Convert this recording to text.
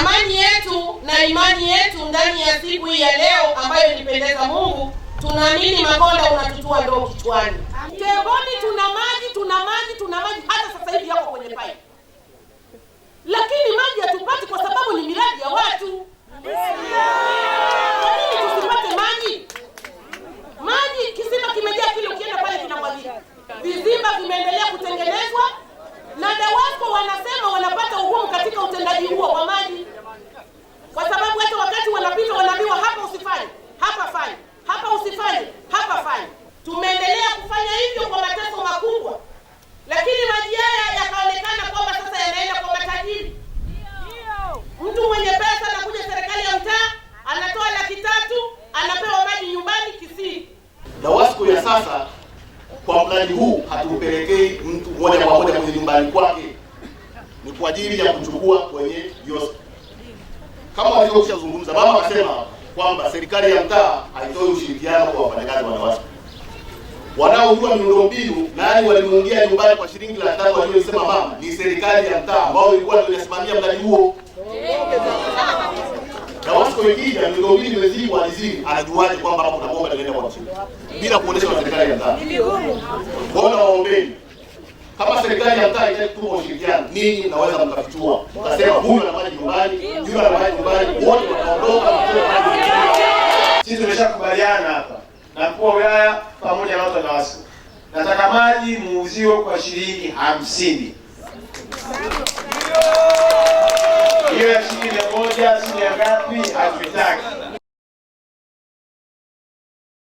Amani yetu na imani yetu ndani ya siku hii ya leo ambayo ilipendeza Mungu, tunaamini Makonda unatutua ndoo kichwani. temboni tuna maji, tuna maji, tuna maji hata sasa hivi yako kwenye pipe, lakini maji hatupati kwa sababu ni miradi ya watu. Kwa nini tusipate maji? Maji kisima kimejaa kile, ukienda pale kinamwagika. Vizimba vimeendelea kutengenezwa na DAWASCO wanasema wanapata ugumu katika utendaji huo. Tumeendelea kufanya hivyo kwa mateso makubwa, lakini maji haya yakaonekana kwamba sasa yanaenda kwa matajiri. Mtu mwenye pesa anakuja serikali ya mtaa anatoa laki tatu anapewa maji nyumbani Kisii. Na wasiku ya sasa kwa mradi huu hatumpelekei mtu moja kwa moja kwenye nyumbani kwake, ni kwa ajili ya kuchukua kwenye vioski kama walivyokushazungumza. Mama akasema kwamba serikali ya mtaa haitoi ushirikiano kwa wafanyakazi wa Dawasco wanaojua miundombinu na yaani walimuungia nyumbani kwa shilingi laki tatu waliosema mama ni serikali ya mtaa ambao ilikuwa inasimamia mradi huo. Na Wasco ikija miundombinu imezidi kwa alizini, anajuaje kwamba hapo kuna bomba linaenda kwa chini bila kuonesha serikali ya mtaa? Mbona waombeni kama serikali ya mtaa itaki kutupa ushirikiano, ninyi mnaweza mkafichua mkasema huyu ana maji nyumbani, yule ana maji nyumbani, wote wataondoka. Sisi tumeshakubaliana hapa na mkuu wa wilaya sio kwa shilingi hamsini. Hiyo ya shilingi mia moja si ya ngapi? Hatuitaki.